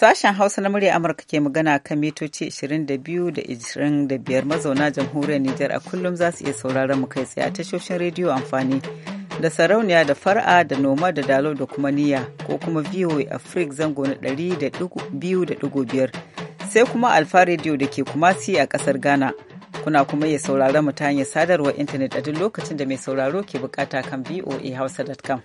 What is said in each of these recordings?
Sashen Hausa na murya Amurka ke magana kan mitoci 22 da 25 mazauna jamhuriyar Nijar a kullum za su iya sauraron mu kai tsaye a tashoshin rediyo amfani da sarauniya da far'a da noma da dalo da kuma niya ko kuma VOA Africa zango na 200.5 sai kuma Alfa rediyo da ke kuma si a kasar Ghana. Kuna kuma iya sauraron mu ta hanyar sadarwar intanet a duk lokacin da mai sauraro ke bukata kan voahausa.com.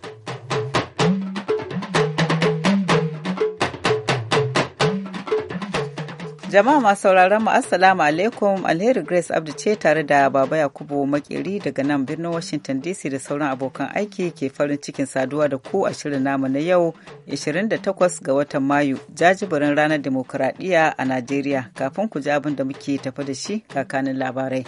Jama'a masu sauraron mu Assalamu alaikum Alheri Grace Abdu ce tare da Baba Yakubu Makeri daga nan birnin Washington DC da sauran abokan aiki ke farin cikin saduwa da ku a shirin namu na yau 28 ga watan Mayu jajibirin ranar demokuraɗiyya a Najeriya kafin ku ji abin da muke tafi da shi kakanin labarai.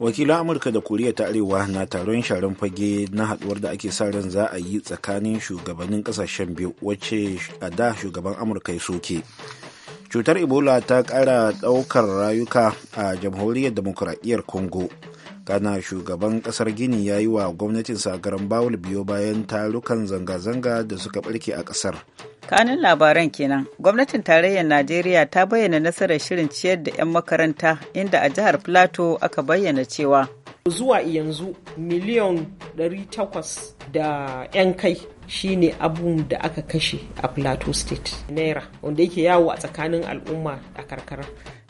wakilan amurka da koriya ta arewa na taron sharan fage na haduwar da ake sa ran za a yi tsakanin shugabannin kasashen biyu wacce a da shugaban amurka ya soke cutar ebola ta kara daukar rayuka a jamhuriyar demokuraɗiyyar congo kana shugaban kasar gini ya yi wa gwamnatin sagaran bawul biyo bayan tarukan zanga-zanga da suka ɓarke a kasar. kanin labaran kenan gwamnatin tarayyar najeriya ta bayyana nasarar shirin ciyar da 'yan makaranta inda a jihar plateau aka bayyana cewa zuwa yanzu miliyan 800 da 'yan kai shine abun da aka kashe a plateau state naira wanda yake yawo a tsakanin al'umma a karkara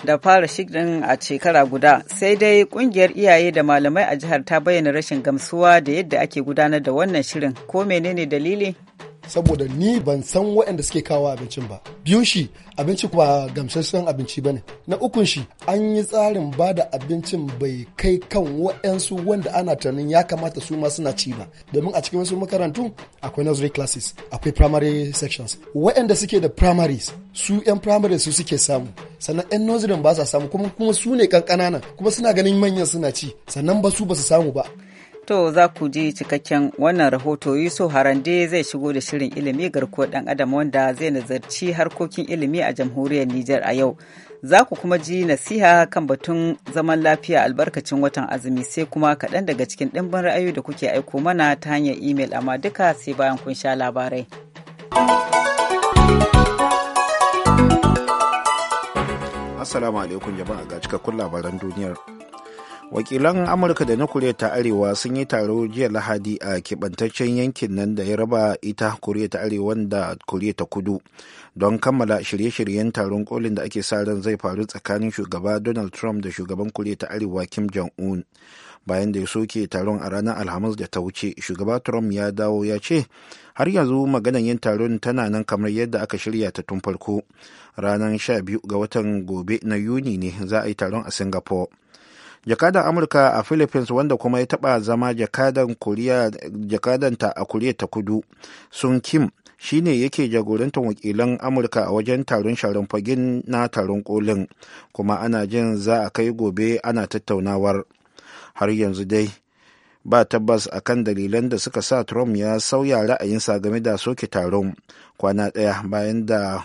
da fara shirin a shekara guda sai dai kungiyar iyaye da malamai a jihar ta bayyana rashin gamsuwa da yadda ake gudanar da wannan shirin ko menene dalili saboda ni ban san waɗanda suke kawo abincin ba biyu shi abinci kuma gamsasshen abinci ne na ukun shi an yi tsarin ba da abincin bai kai kan waɗansu wanda ana tunanin ya kamata su ma suna ci ba domin a cikin wasu makarantu akwai nursery classes akwai primary sections waɗanda suke da primaries su 'yan primary su suke samu sannan 'yan nursery ba sa samu kuma kuma su ne kankananan kuma suna ganin manyan suna ci sannan ba su ba su samu ba To za ku ji cikakken wannan rahoto Yusuf Harande zai shigo da shirin ilimi garkuwar ɗan adam wanda zai nazarci harkokin ilimi a jamhuriyar Nijar a yau. Za ku kuma ji nasiha kan batun zaman lafiya albarkacin watan azumi sai kuma kaɗan daga cikin ɗimbin ra'ayoyi da kuke aiko mana ta hanyar imel amma duka sai bayan kun sha labarai. Assalamu alaikum jama'a ga cikakkun labaran duniyar. wakilan amurka da na koriya ta arewa sun yi taro jiya lahadi a keɓantaccen yankin nan da ya raba ita koriya ta arewa da koriya ta kudu don kammala shirye-shiryen taron kolin da ake sa ran zai faru tsakanin shugaba donald trump da shugaban koriya ta arewa kim jong-un bayan da ya soke taron a ranar alhamis da ta wuce shugaba trump ya dawo ya ce har yanzu maganan yin taron tana nan kamar yadda aka shirya ta tun farko ranar 12 ga watan gobe na yuni ne za a yi taron a singapore jakadan amurka a philippines wanda kuma ya taba zama jakadanta a koriya ta kudu sun kim shine yake jagorantar wakilan amurka a wajen taron sharon fagen na taron kolin kuma ana jin za a kai gobe ana tattaunawar har yanzu dai ba tabbas akan dalilan da suka sa trump ya sauya ra'ayinsa game da soke taron kwana daya bayan da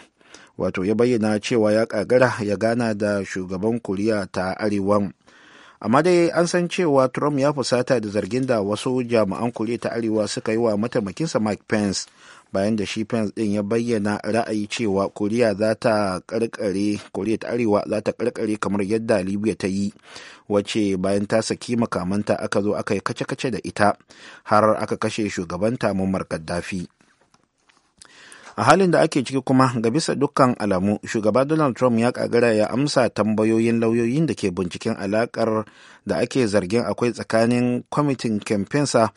wato ya bayyana cewa ya kagara ya gana da shugaban kuriya ta arewan amma dai an san cewa trump ya fusata da zargin da wasu jami'an koriya ta arewa suka yi wa mataimakinsa mike pence bayan da shi pence din ya bayyana ra'ayi cewa koriya za ta karkare koriya ta arewa za ta karkare kamar yadda libya ta yi wacce bayan ta saki makamanta aka zo aka yi kace-kace da ita har aka kashe shugabanta muammar gaddafi a halin da ake ciki kuma ga bisa dukkan alamu shugaba donald trump ya kagara ya amsa tambayoyin lauyoyin da ke binciken alakar da ake zargin akwai tsakanin kwamitin kemfensa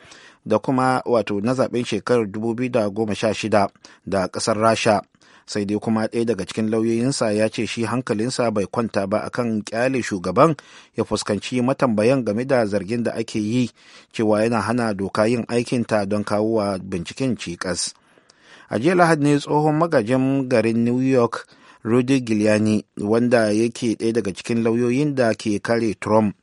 da kuma wato na zaben shekarar 2016 da kasar rasha sai dai kuma ɗaya daga cikin lauyoyinsa ya ce shi hankalinsa bai kwanta ba akan kyale shugaban ya fuskanci matambayan game da zargin da ake yi cewa yana hana doka yin aikinta don kawo wa binciken cikas. a jiya lahadi ne tsohon magajin garin new york rudy giuliani wanda yake ɗaya daga cikin lauyoyin da ke kare trump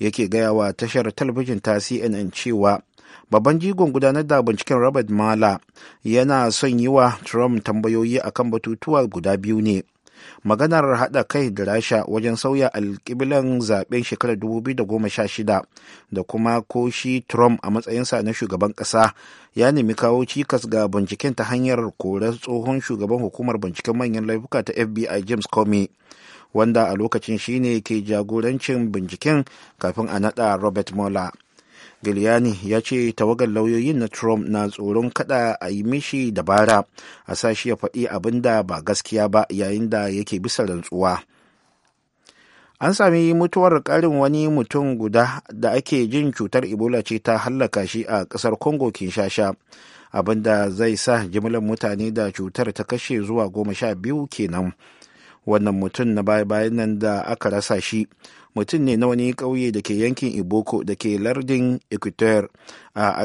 yake gaya wa tashar talabijin ta cnn cewa babban jigon gudanar da binciken robert mala yana son yi wa trump tambayoyi akan batutuwa guda biyu ne maganar haɗa kai da rasha wajen sauya alƙiblan zaben shekarar 2016 da kuma koshi shi trump a matsayinsa na shugaban ƙasa ya nemi kawo cikas ga binciken ta hanyar korar tsohon shugaban hukumar binciken manyan laifuka ta fbi james comey wanda a lokacin shine ke jagorancin binciken kafin a naɗa robert mueller Giuliani ya ce tawagar lauyoyin na Trump na tsoron kada a yi mishi dabara a sashi ya faɗi abin da ba gaskiya ba yayin da yake bisa rantsuwa. An sami mutuwar ƙarin wani mutum guda da ake jin cutar Ebola ce ta hallaka shi a ƙasar Congo Kinshasa, abin da zai sa jimlar mutane da cutar ta kashe zuwa goma sha biyu kenan. Wannan mutum na baya-bayan nan da aka rasa shi mutum ne na wani ƙauye da ke yankin iboko da ke lardin equateur a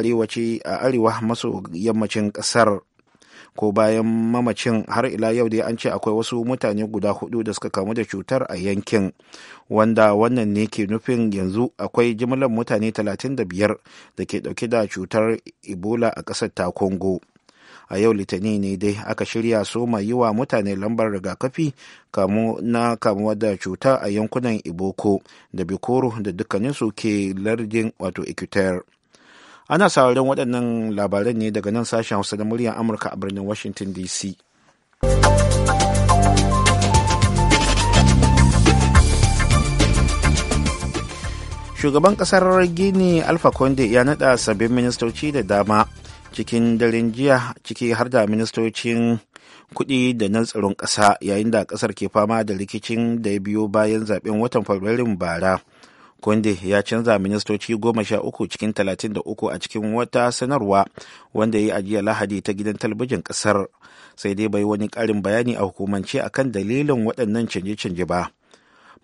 arewa maso yammacin ƙasar ko bayan mamacin har ila yau dai an ce akwai wasu mutane guda hudu da suka kamu da cutar a yankin wanda wannan ne ke nufin yanzu akwai jimlar mutane 35 da ke dauke da cutar ebola a ƙasar ta congo a yau litani ne dai aka shirya so mai yi wa mutane lambar rigakafi na kamuwa da cuta a yankunan iboko da bikoro da dukkaninsu ke lardin wato equator ana sauraron waɗannan labaran ne daga nan sashen hausa da muryar amurka a birnin washington dc shugaban kasar gini alfa conde ya nada sabbin ministoci da dama cikin daren jiya ciki har da ministocin kuɗi da na tsaron ƙasa yayin da ƙasar ke fama da rikicin da ya biyo bayan zaben watan fabrairun bara kunde ya canza ministoci goma sha uku cikin talatin da uku a cikin wata sanarwa wanda ya yi ajiya lahadi ta gidan talabijin ƙasar sai dai bai wani ƙarin bayani a hukumance akan dalilin waɗannan canje-canje ba.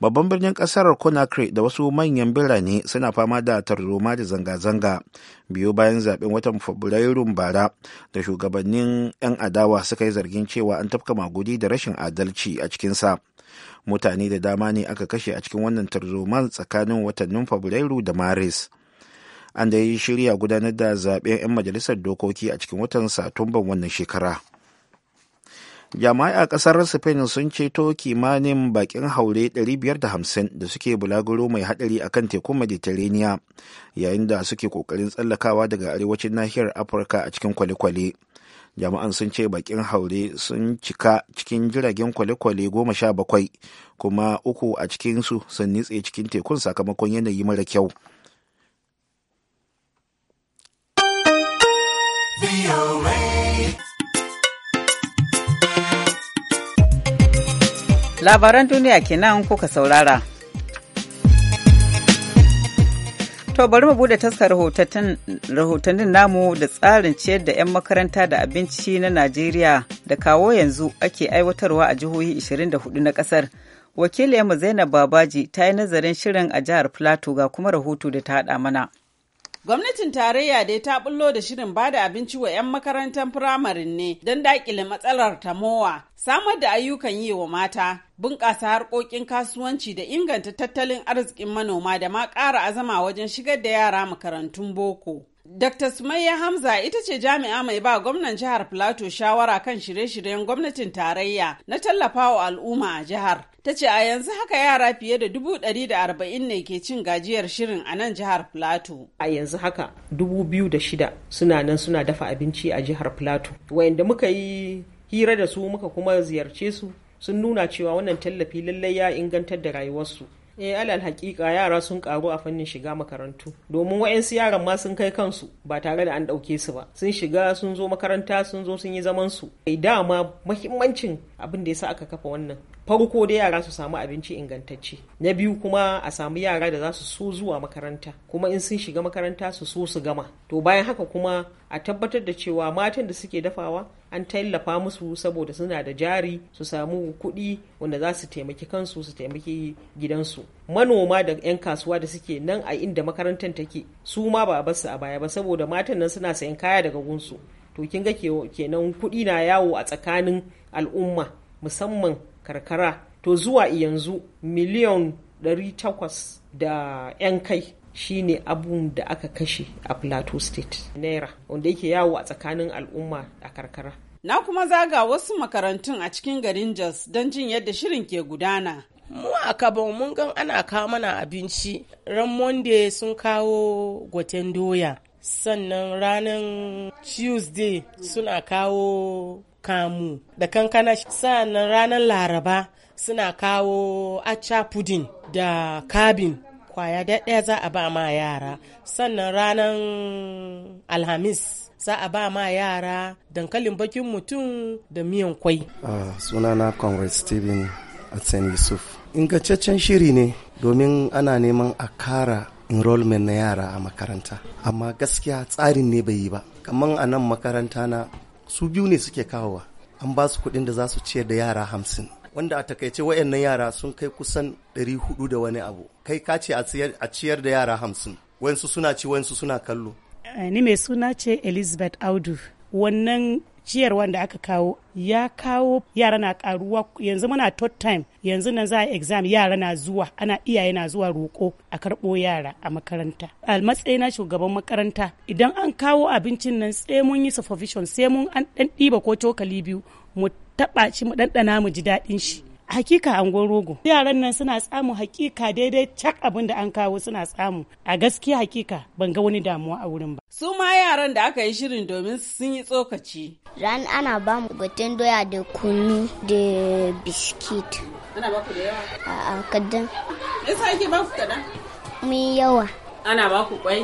babban birnin kasar conakry da wasu manyan birane suna fama da tarzoma da zanga-zanga biyu bayan zaben watan fabrairun bara da shugabannin 'yan adawa suka yi zargin cewa an tafka magudi da rashin adalci a cikinsa mutane da dama ne aka kashe a cikin wannan tarzoman tsakanin watannin fabrairu da maris an da yi shirya gudanar da zaben 'yan majalisar dokoki a cikin watan satumban wannan shekara jama'ai a ƙasar spain sun ceto kimanin bakin haure 550 da suke bulaguro mai hadari a kan tekun mediterania yayin da suke kokarin tsallakawa daga arewacin nahiyar afirka a cikin kwalekwale jama'an sun ce bakin haure sun cika cikin jiragen kwale-kwale goma sha bakwai kuma uku a cikinsu sun nitse cikin tekun sakamakon yanayi mara kyau labaran duniya kenan kuka saurara To bari mu bude taskar rahotannin namu da tsarin ciyar da 'yan makaranta da abinci na Najeriya da kawo yanzu ake aiwatarwa a jihohi 24 na kasar. Wakiliyarmu Zainab Babaji ta yi nazarin shirin a jihar Plateau ga kuma rahoto da ta haɗa mana. Gwamnatin tarayya dai ta bullo da shirin bada abinci wa 'yan makarantar firamarin ne don dakile matsalar tamowa, samar da ayyukan yi wa mata, bunƙasa harkokin kasuwanci da inganta tattalin arzikin manoma da ma ƙara azama wajen shigar da yara makarantun boko. Dr. Sumayya Hamza ita ce jami'a mai ba gwamnan jihar Plateau shawara kan shirye-shiryen gwamnatin tarayya na tallafawa al'umma a jihar. Ta ce a yanzu haka yara fiye da dubu ɗari da arba'in ne ke cin gajiyar shirin a nan jihar Plateau. A yanzu haka dubu biyu da shida suna nan suna dafa abinci a jihar Plateau. Wayanda muka yi hira da su muka kuma ziyarce su sun nuna cewa wannan tallafi lallai ya ingantar da rayuwarsu. eh alal hakika yara sun karu a fannin shiga makarantu domin wa'yansu yaran ma sun kai kansu ba tare da an ɗauke su ba sun shiga sun zo makaranta sun zo sun yi zaman su kai eh, dama mahimmancin abin da yasa aka kafa wannan farko dai yara su samu abinci ingantacce na biyu kuma a samu yara da za su so zuwa makaranta kuma in sun shiga makaranta su so su gama to bayan haka kuma a tabbatar da cewa matan da suke dafawa an tallafa musu saboda suna da jari su samu kuɗi wanda za su taimaki kansu su taimaki gidansu manoma da 'yan kasuwa da suke nan a inda makarantar take su ma ba a basu a baya ba saboda matan nan suna sayan kaya daga gunsu to kin ga kenan kuɗi na yawo a tsakanin al'umma musamman karkara to zuwa yanzu miliyan 800 da 'yan kai shine abun da aka kashe a plateau state naira wanda yake yawo a tsakanin al'umma a karkara na kuma zaga wasu makarantun a cikin garin jos don jin yadda shirin ke gudana mu a kabo mun gan ana kawo mana abinci ran monday sun kawo gwaten doya sannan ranar tuesday suna kawo kamu da kankana sannan ranar laraba suna kawo acha pudding da kabin kwaya ɗaya za a ba ma yara sannan ranar alhamis za a ba ma yara dankalin bakin mutum da miyan kwai Suna ah, sunana conrad steven atsen yusuf ingantaccen shiri ne domin ana neman a kara enrollment na yara a makaranta amma gaskiya tsarin ne bai yi ba kamar a nan makaranta na su biyu ne suke kawowa an ba su kuɗin da za su ciyar da yara hamsin wanda a takaice wayannan yara sun kai kusan ɗari 400 da wani abu kai ka ce a ciyar da yara hamsin wansu suna ci wansu suna kallo eh, ni mai suna ce elizabeth audu wannan ciyar wanda aka kawo ya kawo yara na karuwa yanzu muna third time yanzu nan za a exam yara na zuwa ana iyaye na zuwa roƙo a karɓo yara a makaranta a na shugaban makaranta idan an kawo abincin nan sai mun yi supervision sai mun an ɗan ɗiba ko cokali biyu mu taɓa shi mu ɗanɗana mu ji daɗin shi hakika angon rogo yaran nan suna samu hakika daidai cak abin da an kawo suna samu a gaskiya hakika ban ga wani damuwa a wurin ba su ma yaran da aka yi shirin domin sun yi tsokaci ran ana ba mu gutun doya da kunu da biskit ana ba ku da yawa a kadan yasa ake ba ku kadan mun yawa ana ba ku kwai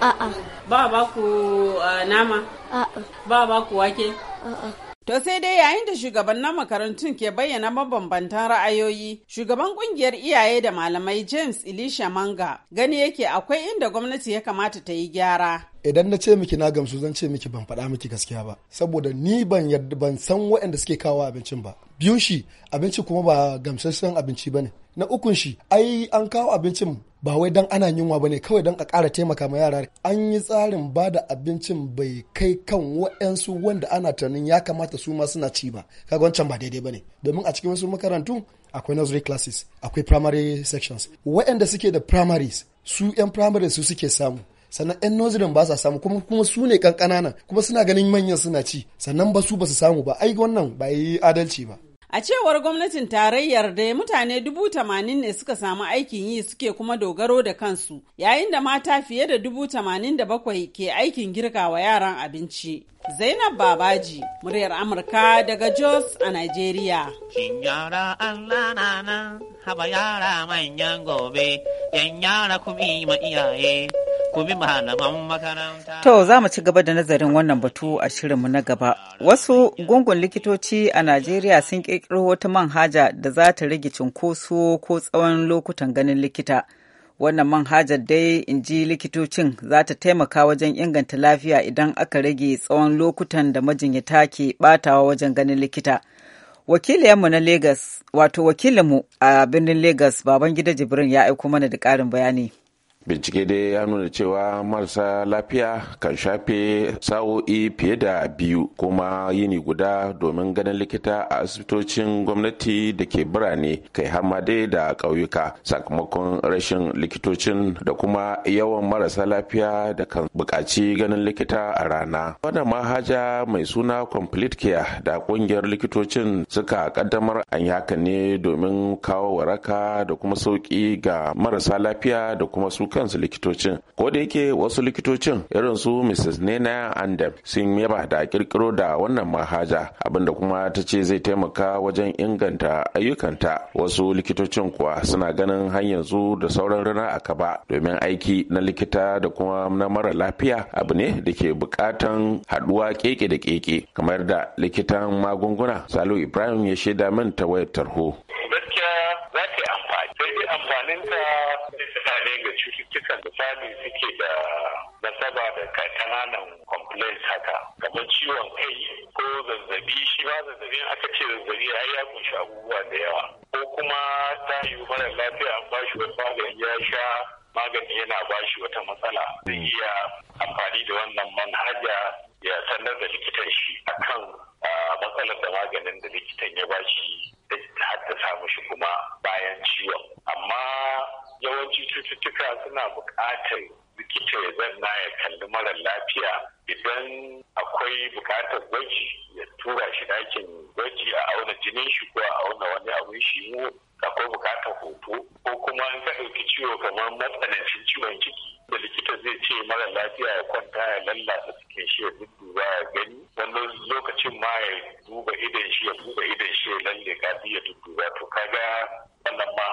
a'a ba ba ku ah, nama a'a ba ba ku wake a'a To sai dai yayin da shugabannin makarantun ke bayyana mabambantan ra'ayoyi, shugaban kungiyar iyaye da malamai James Elisha Manga gani yake akwai inda gwamnati ya kamata ta yi gyara. Idan na ce miki na gamsu zan ce miki ban faɗa miki gaskiya ba, saboda ni ban ban san waɗanda suke kawo abincin ba. Biyun shi abinci kuma ba gamsasshen abinci ba ne. na ukun shi ai an kawo abincin ba wai dan ana yunwa bane kawai dan a ƙara taimaka ma yara an yi tsarin ba da abincin bai kai kan waɗansu wanda ana tunanin ya kamata su ma suna ci ba kaga wancan ba daidai bane domin a cikin wasu makarantu akwai nursery classes akwai primary sections waɗanda suke da primaries su yan primaries su suke samu sannan yan nursery ba sa samu kuma kuma su ne kankananan kuma suna ganin manyan suna ci sannan ba su ba su samu ba ai wannan ba yi adalci ba A cewar gwamnatin tarayyar da mutane dubu tamanin ne suka samu aikin yi suke kuma dogaro da kansu yayin da mata fiye da dubu tamanin da bakwai ke aikin girka wa yaran abinci. Zainab Babaji, muryar Amurka daga Jos a Nigeria. haba yara manyan gobe, yan yara kuma iyaye. To za mu ci gaba da nazarin wannan batu a shirinmu na gaba. Wasu gungun likitoci a Najeriya sun ƙirƙiro wata manhaja da za ta rage cunkoso ko tsawon lokutan ganin likita. Wannan manhajar dai in ji likitocin za ta taimaka wajen inganta lafiya idan aka rage tsawon lokutan da majinyata ke batawa wajen ganin likita. Wakilinmu na Legas, wato wakilinmu a birnin Legas, Babangida Jibrin ya aiko mana da ƙarin bayani. bincike dai ya nuna cewa marasa lafiya kan shafe sa'o'i fiye da biyu kuma yini guda domin ganin likita a asibitocin gwamnati da ke birane kai hamade da ƙauyuka sakamakon rashin likitocin da kuma yawan marasa lafiya da kan buƙaci ganin likita a rana wannan mahaja mai suna complete care da ƙungiyar likitocin suka ƙaddamar an yi haka ne domin kawo waraka da kuma sauƙi ga marasa lafiya da kuma su dukansu likitocin ko da yake wasu likitocin irin su mrs nena andem sun yaba da kirkiro da wannan mahaja abinda kuma ta ce zai taimaka wajen inganta ayyukanta wasu likitocin kuwa suna ganin hanyar da sauran rana a kaba domin aiki na likita da kuma na mara lafiya abu ne da ke bukatan haduwa keke da keke kamar da likitan magunguna salu ibrahim ya shaida min ta wayar tarho amfanin ta ne ga cututtukan da sami suke da nasaba da kananan complaints haka kamar ciwon kai ko zazzabi shi ba zazzabin aka ce zazzabi ya ya kunshi abubuwa da yawa ko kuma ta yi mara lafiya an bashi wani magani ya sha magani yana bashi wata matsala zai iya amfani da wannan manhaja ya sanar da likitan shi akan matsalar da maganin da likitan ya bashi har ta haddasa shi kuma bayan ciwon amma yawanci cututtuka suna buƙatar likita ya zanna ya kalli mara lafiya idan akwai buƙatar gwaji ya tura shi ɗakin gwaji a auna jinin shi ko a auna wani abin shi akwai buƙatar hoto ko kuma an ka ɗauki ciwo kamar matsanancin ciwon ciki da likita zai ce mara lafiya ya kwanta ya lallata cikin shi ya dudduba ya gani wani lokacin ma ya duba idan shi ya duba idan shi ya lalle kafi ya duba to kaga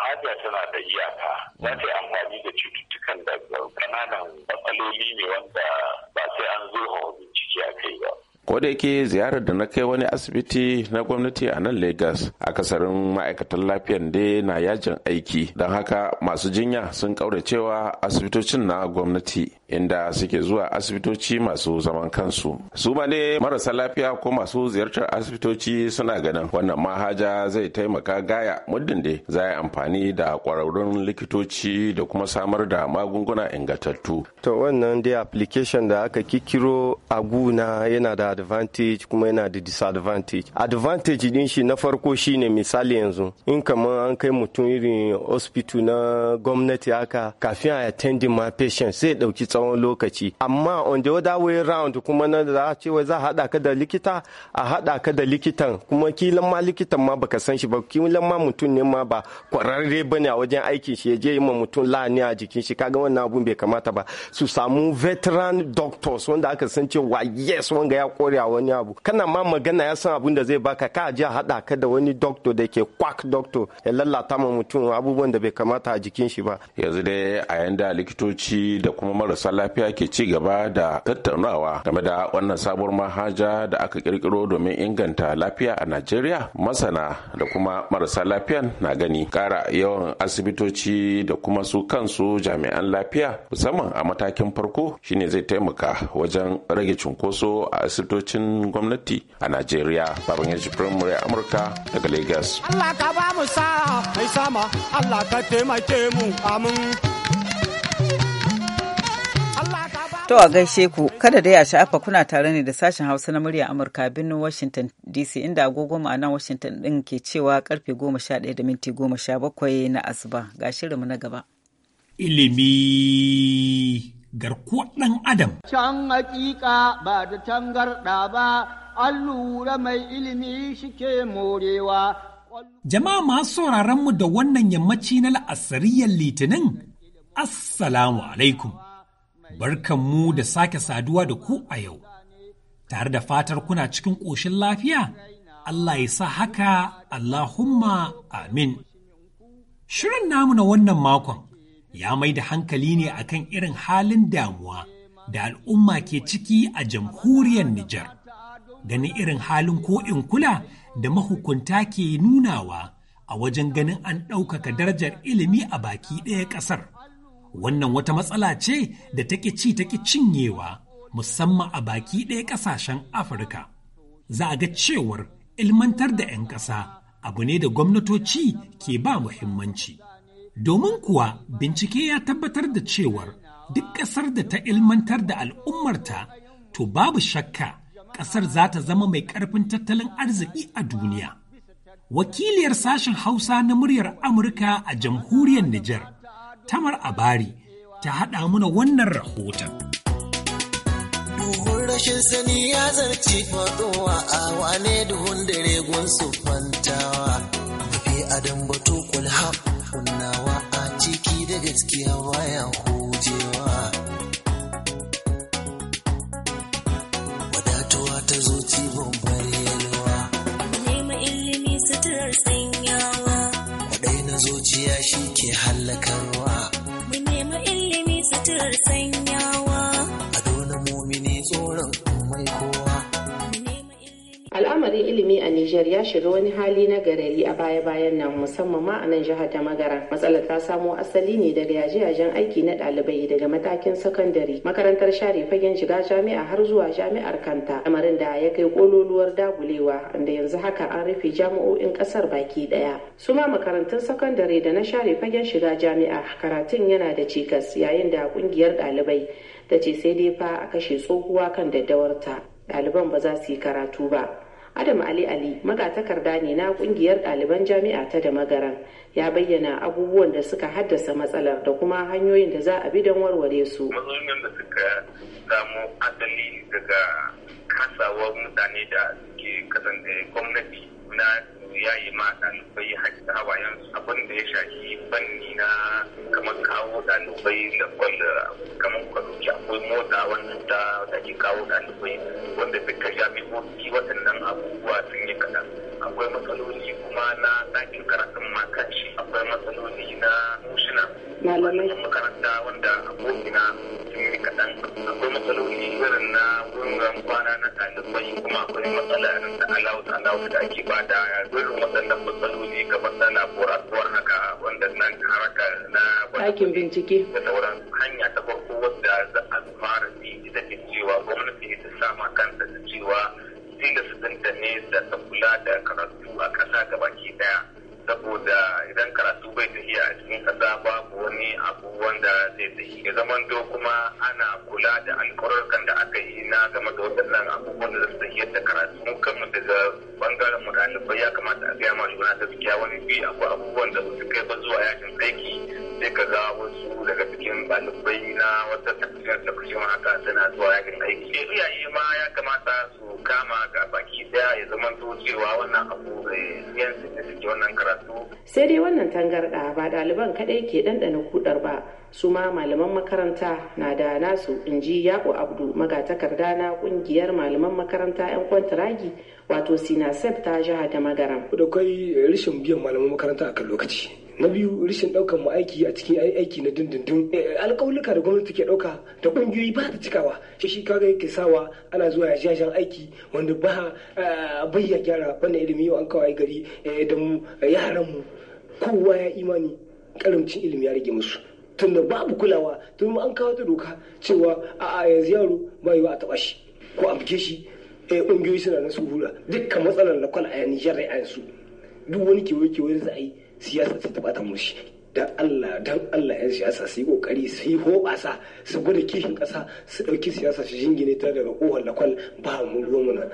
al'ada tana da iyaka za ta yi amfani da cututtukan da kananan matsaloli ne wanda ba sai an zo bincike a kai ba ko da yake ziyarar da na kai wani asibiti na gwamnati a nan lagos akasarin ma'aikatan lafiyan da na yajin aiki don haka masu jinya sun kauracewa asibitocin na gwamnati inda suke zuwa asibitoci masu zaman kansu su ma dai marasa lafiya ko masu ziyartar asibitoci suna ganin wannan mahaja zai taimaka gaya muddin dai za a amfani da kwararrun likitoci da kuma samar da magunguna ingantattu to wannan dai application da aka kikiro a guna yana da advantage kuma yana da disadvantage advantage din shi na farko shine misali yanzu in kamar an kai mutum irin hospital na gwamnati haka kafin a attending ma patient sai dauki tsawon lokaci amma on the other round kuma na za a ce za a ka da likita a haɗa ka da likitan kuma kilan ma likitan ma baka san shi ba kilan ma mutum ne ma ba kwararre bane a wajen aikin shi ya je yi ma mutum lahani a jikin shi kaga wannan abun bai kamata ba su samu veteran doctors wanda aka san cewa yes wanga ya kore a wani abu kana ma magana ya san abun da zai baka ka je haɗa ka da wani doctor da ke kwak doctor ya lallata ma mutum abubuwan da bai kamata a jikin shi ba yanzu dai a yanda likitoci da kuma marasa marasa lafiya ke ci gaba da tattaunawa game da wannan sabuwar manhaja da aka kirkiro domin inganta lafiya a najeriya masana da kuma marasa lafiyan na gani kara yawan asibitoci da kuma su kansu jami'an lafiya musamman a matakin farko shine zai taimaka wajen rage cunkoso a asibitocin gwamnati a najeriya baban yaji firamare amurka daga lagos allah ka ba mu sa mai sama allah ka taimake mu amin To a gaishe ku kada dai a sha'afa kuna tare ne da sashen Hausa na murya Amurka birnin Washington DC inda agogo ma'ana Washington din ke cewa karfe ɗaya da minti bakwai na asuba ga shirinmu na gaba. Ilimi garkuwa ɗan Adam. Can hakika ba da tangarɗa ba, an lura mai ilimi shike morewa. Jama'a masu sauraron mu da wannan yammaci na la'asariyar Litinin, Assalamu alaikum. Barkan mu da sake saduwa da ku a yau, tare da fatar kuna cikin ƙoshin lafiya, Allah ya sa haka Allahumma amin. Shirin namu na wannan makon ya mai da hankali ne akan irin halin damuwa da al'umma ke ciki a jamhuriyar Nijar, ganin irin halin ko in kula da mahukunta ke nunawa a wajen ganin an ɗaukaka darajar ilimi a baki ɗaya ƙasar. Wannan wata matsala ce da take ci take cinyewa musamman a baki ɗaya ƙasashen Afirka. Za a ga cewar ilmantar da 'yan ƙasa abu ne da gwamnatoci ke ba muhimmanci. Domin kuwa bincike ya tabbatar da cewar duk ƙasar da ta ilmantar da al'ummarta to babu shakka ƙasar za ta zama mai ƙarfin tattalin arziki a duniya. Wakiliyar sashen Hausa na muryar Amurka a jamhuriyar Nijar. Tamar Abari ta haɗa mana wannan rahoton. Duhun rashin sani ya zarci faɗowa a wane duhun dare gunsu fantawa. Mafi adam batu kulha kunnawa a ciki da gaskiya baya hujewa. Wadatuwa ta zo cibin bayyarwa. Nema ilimi suturar sanyawa. Kwaɗai na zuciya shi ke hallakarwa. ilimi a Nijar ya shiga wani hali na garari a baya-bayan nan musamman ma a nan jihar ta magara. Matsalar ta samo asali ne daga yaje-yajen aiki na ɗalibai daga matakin sakandare, makarantar share fagen shiga jami'a har zuwa jami'ar kanta, lamarin da ya kai kololuwar dagulewa, da yanzu haka an rufe jami'o'in ƙasar baki ɗaya. Su ma makarantun sakandare da na share fagen shiga jami'a karatun yana da cikas yayin da ƙungiyar ɗalibai ta ce sai dai fa a kashe tsohuwa kan daddawarta. ɗaliban ba za su yi karatu ba adam ali ali magatakarda ne na kungiyar ɗaliban jami'a ta da magaran ya bayyana abubuwan da suka haddasa matsalar da kuma hanyoyin da za a bi don warware su matsalolin da suka samu asali daga kasawa mutane da suke kasance gwamnati na ya yi ma ɗalibai haƙƙi hawayen abin da ya shafi banni na kamar kawo ɗalibai da kwallo kamar kwallo ki akwai mota wanda ta ke kawo ɗalibai wanda mai jami'o'i waɗannan abubuwa sun yi kaɗan akwai matsaloli kuma na ɗakin karatun ma kanshi akwai matsaloli na mushina malamai makaranta wanda abokina sun yi kaɗan akwai matsaloli irin na wurin kwana na ɗalibai kuma akwai matsala irin da alawus alawus da ake ba da irin waɗannan matsaloli kamar na laboratuwar haka wanda nan haraka na ɗakin bincike da sauran hanya ta farko wadda za a fara bi ita ce cewa gwamnati ta sama kanta da cewa da su danta ne da ta kula da karatu a ƙasa gabaki daya saboda idan karatu bai tafiya a cikin ƙasa babu wani abu wanda zai tafi ya do kuma ana kula da alƙurarkan da aka yi na game da waɗannan abubuwan da su tafi da karatu mu kanmu daga bangaren mu ɗalibai ya kamata a gaya ma juna gaskiya wani bi akwai abubuwan da su kai ba zuwa yakin aiki sai ka ga wasu daga cikin ɗalibai na wata tafiyar tafiyar haka suna zuwa yakin aiki sai iyaye ma ya kamata su kama ga baki daya ya zama to cewa wannan abu yan da suke wannan karatu sai dai wannan tangarɗa ba ɗaliban kaɗai ke ɗanɗana kuɗar ba su ma malaman makaranta na da nasu inji yaƙo abdu magatakarda na ƙungiyar malaman makaranta 'yan kwantiragi wato sinasef ta jiha da magaram da kai rashin biyan malaman makaranta a kan lokaci na biyu rashin daukan mu aiki a cikin aiki na dindindin eh, alƙawulluka da gwamnati ke dauka da kungiyoyi ba ta cikawa shi shi kaga yake sawa ana zuwa jajan aiki wanda ba ah, bayya gyara wannan ilimi yau an ai gari eh, da mu eh, yaran mu kowa ya imani karamcin ilimi ya rage musu tunda babu kulawa tun an kawo ta doka cewa a yanzu yaro ba yiwa a taba shi ko a buge shi ƙungiyoyi suna na su hura dukkan matsalar lakwal a Nijar a su duk wani kewaye-kewaye za a yi siyasa ce ta bata mushi dan Allah dan Allah yan siyasa su yi kokari su yi hobasa su gwada kishin kasa su dauki siyasa su jingine ta daga kohon lakwal ba mu ruwan mana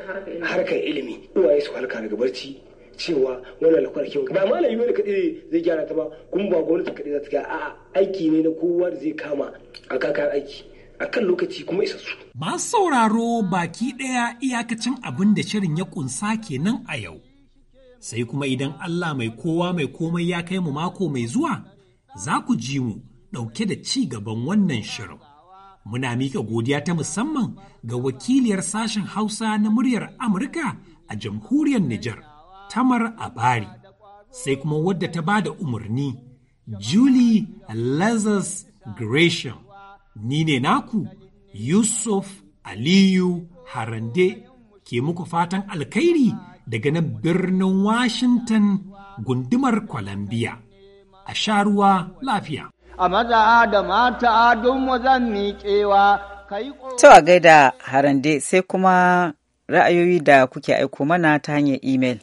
harkar ilimi uwaye su halka daga barci cewa wannan lakwal kiwon ba malami wani kaɗai zai gyara ta ba kuma ba gwamnati kadi za ta gyara a'a aiki ne na kowa da zai kama a kakar aiki a kan lokaci kuma isa su. Masu sauraro baki ɗaya iyakacin abin da shirin ya ƙunsa kenan a yau. sai kuma idan Allah mai kowa mai komai ya kai mu mako mai zuwa, za ku ji mu ɗauke da ci gaban wannan shirin. Muna mika godiya ta musamman ga wakiliyar sashen Hausa na muryar Amurka a jamhuriyar Nijar, Tamar Abari, sai kuma wadda ta ba da umarni, Julie Lazarus Gresham. Ni ne naku, Yusuf Aliyu Harande, ke muku fatan alkhairi. daga na birnin Washington gundumar Columbia. A sharuwa lafiya. A maza da mata don zan miƙewa kai To a gaida harande sai kuma ra'ayoyi da kuke aiko mana ta hanyar imel.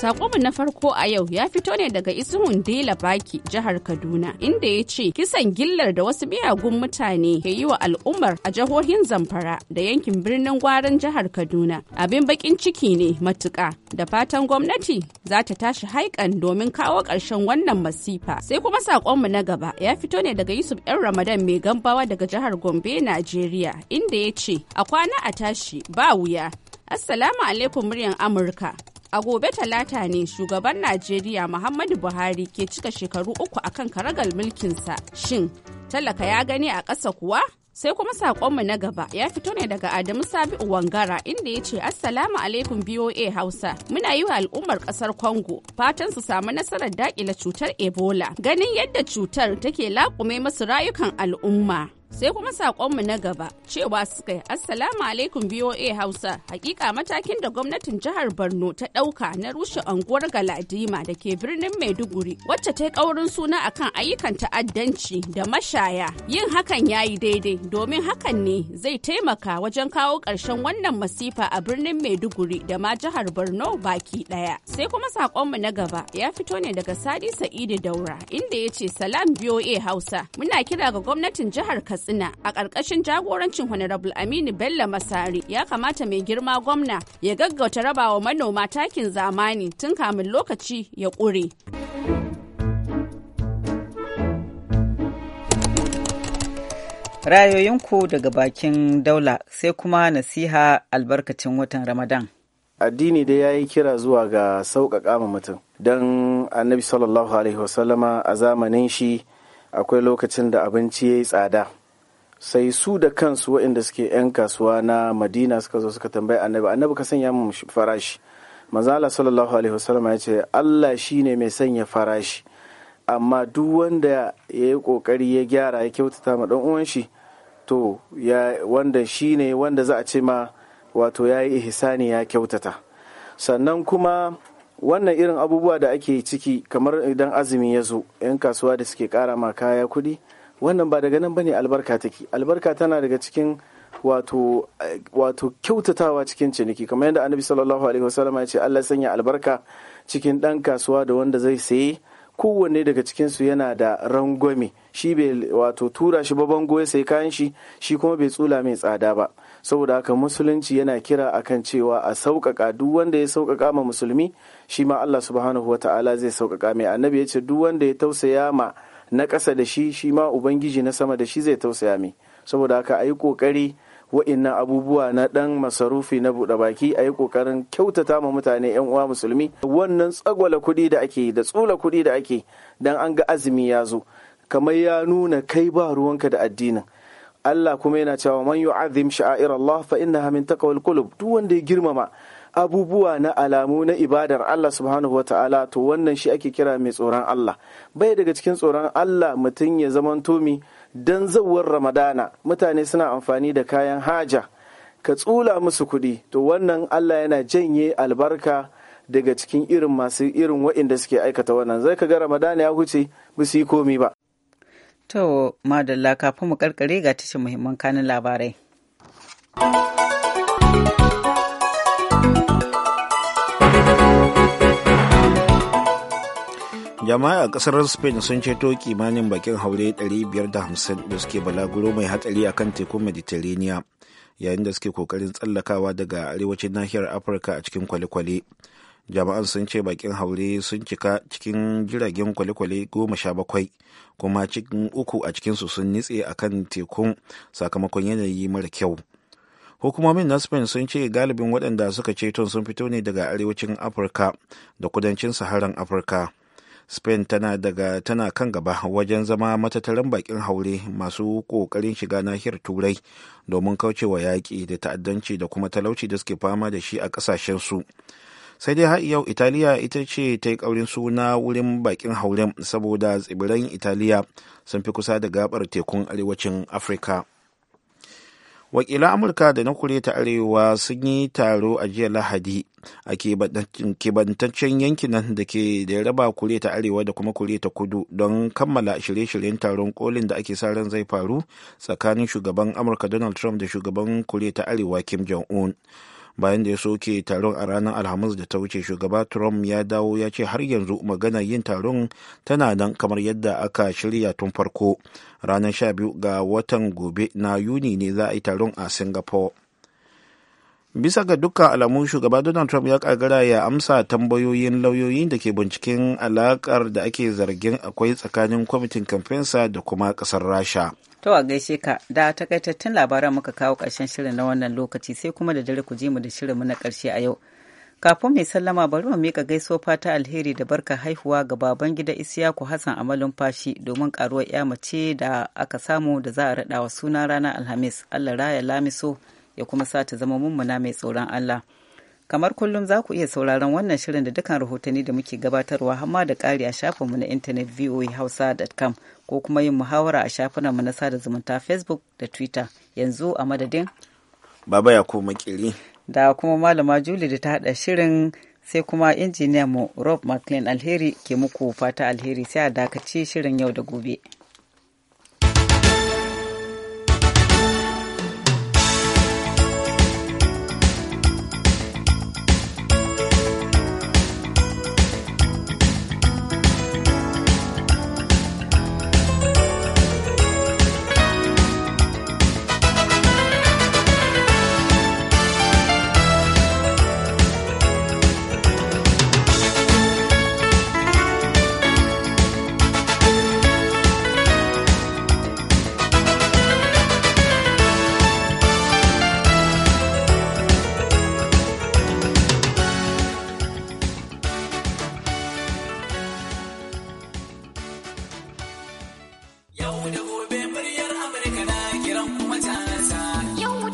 Sakonmu na farko a yau ya fito ne daga Isuhun Dela Baki jihar Kaduna inda ya ce kisan gillar da wasu miyagun mutane ke yi wa al'ummar a jihohin Zamfara da yankin birnin gwaran jihar Kaduna abin bakin ciki ne matuƙa, da fatan gwamnati za ta tashi haikan domin kawo ƙarshen wannan masifa. Sai kuma sakonmu na gaba ya fito ne daga Yusuf 'yan Ramadan mai gambawa daga jihar Gombe Najeriya inda ya ce a kwana a tashi ba wuya Assalamu alaikum muryan Amurka. A gobe talata ne shugaban Najeriya Muhammadu Buhari ke cika shekaru uku a akan karagal mulkinsa. Shin, talaka ya gani a ƙasa kuwa? Sai kuma saƙonmu na gaba ya fito ne daga Adamu Sabi'u Wangara inda ya ce Assalamu alaikum BOA Hausa. Muna yi wa al'ummar ƙasar Congo fatan su samu nasarar daƙile cutar Ebola. Ganin yadda cutar take laƙume masu rayukan al'umma. sai kuma saƙonmu na gaba cewa suka yi assalamu alaikum boa hausa hakika matakin da gwamnatin jihar borno ta ɗauka na rushe unguwar galadima da ke birnin maiduguri wacce ta yi ƙaurin suna akan ayyukan ta'addanci da mashaya yin hakan ya yi daidai domin hakan ne zai taimaka wajen kawo ƙarshen wannan masifa a birnin maiduguri da ma jihar borno baki ɗaya sai kuma saƙonmu na gaba ya fito ne daga sadi sa'idu daura inda ya ce salam boa hausa muna kira ga gwamnatin jihar katsina a ƙarƙashin jagorancin honorable aminu bello masari ya kamata mai girma gwamna ya gaggauta rabawa manoma takin zamani tun kamun lokaci ya ƙure. rayoyinku daga bakin daula sai kuma nasiha albarkacin watan ramadan addini dai ya yi kira zuwa ga sauƙaƙa ma mutum don annabi sallallahu alaihi wasallama a zamanin shi akwai lokacin da abinci ya yi tsada sai su da kansu waɗanda suke 'yan kasuwa na madina suka zo suka tambaya annabi annabi ka sanya mu farashi Allah sallallahu alaihi wasallam ya ce allah shine mai sanya farashi amma duk wanda ya yi kokari ya gyara ya kyautata ma dan uwan shi to ya wanda shine wanda za a ce ma wato ya yi ihsani ya kyautata sannan kuma wannan irin abubuwa da ake ciki kamar idan azumi ya zo 'yan kasuwa da suke kara ma kaya kuɗi wannan ba daga nan ba bane albarka take albarka tana daga cikin wato kyautatawa cikin ciniki kamar yadda annabi sallallahu alaihi wasallam ya ce Allah sanya albarka cikin dan kasuwa da wanda zai saye kowanne daga cikin su yana da rangwame shi bai wato tura shi ba bango ya sai kayan shi shi kuma bai tsula mai tsada ba saboda haka musulunci yana kira akan cewa a sauƙaƙa duk wanda ya sauƙaƙa ma musulmi shi ma Allah subhanahu wa zai sauƙaƙa mai annabi ya ce duk wanda ya tausaya ma na ƙasa da shi shi ma ubangiji na sama da shi zai tausaya mai saboda haka a yi ƙoƙari wa'innan abubuwa na ɗan masarufi na buɗe baki a yi ƙoƙarin kyautata ma mutane 'yan uwa musulmi wannan tsagwala kuɗi da ake da tsula kuɗi da ake dan an ga azumi ya zo kamar ya nuna kai ba ruwanka da addinin Allah kuma yana cewa man yu'azzim sha'ir Allah fa innaha min taqwal qulub duk wanda ya girmama abubuwa na alamu na ibadar Allah subhanahu wa ta'ala to wannan shi ake kira mai tsoron Allah bai daga cikin tsoron Allah mutum ya zaman tomi don zauwar ramadana mutane suna amfani da kayan haja ka tsula musu kuɗi to wannan Allah yana janye albarka daga cikin irin masu irin waɗanda suke aikata wannan zai ka ga ramadana ya huce ba su yi komi ba to madalla kafin mu karkare ga tashin muhimman kanin labarai jama'a a kasar spain sun ceto kimanin bakin haure 550 da suke balaguro mai hatsari a kan tekun mediterania yayin da suke kokarin tsallakawa daga arewacin nahiyar afirka a cikin kwalekwale kwale jama'an sun ce bakin haure sun cika cikin jiragen kwalekwale kwale goma sha bakwai kuma cikin uku a cikinsu sun nitse a kan tekun sakamakon yanayi mara kyau hukumomin na spain sun ce galibin waɗanda suka ceton sun fito ne daga arewacin afirka da kudancin saharan afirka spain tana daga tana kan gaba wajen zama matattarin bakin haure masu kokarin shiga nahiyar turai domin kaucewa yaƙi da ta'addanci da kuma talauci da suke fama da shi a ƙasashensu sai dai har yau italiya ita ce ta yi ƙaurin suna wurin bakin hauren saboda tsibiran italiya sun fi kusa da gabar tekun arewacin afirka wakilan amurka da na kure ta arewa sun yi taro a jiya lahadi a kebantaccen yankin nan da ke da ya raba kure ta arewa da kuma kure ta kudu don kammala shirye-shiryen taron kolin da ake sa ran zai faru tsakanin shugaban amurka donald trump da shugaban kure ta arewa kim jong-un bayan da ya soke taron a ranar alhamis da ta wuce shugaba trump ya dawo ya ce har yanzu maganar yin taron tana nan kamar yadda aka shirya tun farko ranar 12 ga watan gobe na yuni ne za a yi taron a singapore bisa ga duka alamun shugaba donald trump ya kagara ya amsa tambayoyin lauyoyin da ke binciken alakar da ake zargin akwai tsakanin kwamitin kamfensa da kuma kasar rasha To a gaishe ka da takaitattun labaran muka kawo ƙarshen shirin na wannan lokaci sai kuma da dare ku je mu da shirinmu na ƙarshe a yau. Kafin mai sallama bari mu miƙa gaiso fata alheri da barka haihuwa ga baban gida Isiyaku Hassan a malumfashi domin karuwar ya mace da aka samu da za a raɗa wa suna ranar Alhamis. Allah raya lamiso ya kuma sa ta zama mummuna mai tsoron Allah. kamar kullum za ku iya sauraron wannan shirin da dukkan rahotanni da muke gabatarwa hamma da ƙari a shafinmu na intanet voahausa.com ko kuma yin muhawara a shafinanmu na sada zumunta facebook da twitter yanzu a madadin baba ya ko makiri da kuma malama juli da ta hada shirin sai kuma injiniyan mu rob mclean alheri ke muku fata alheri sai a dakace shirin yau da gobe.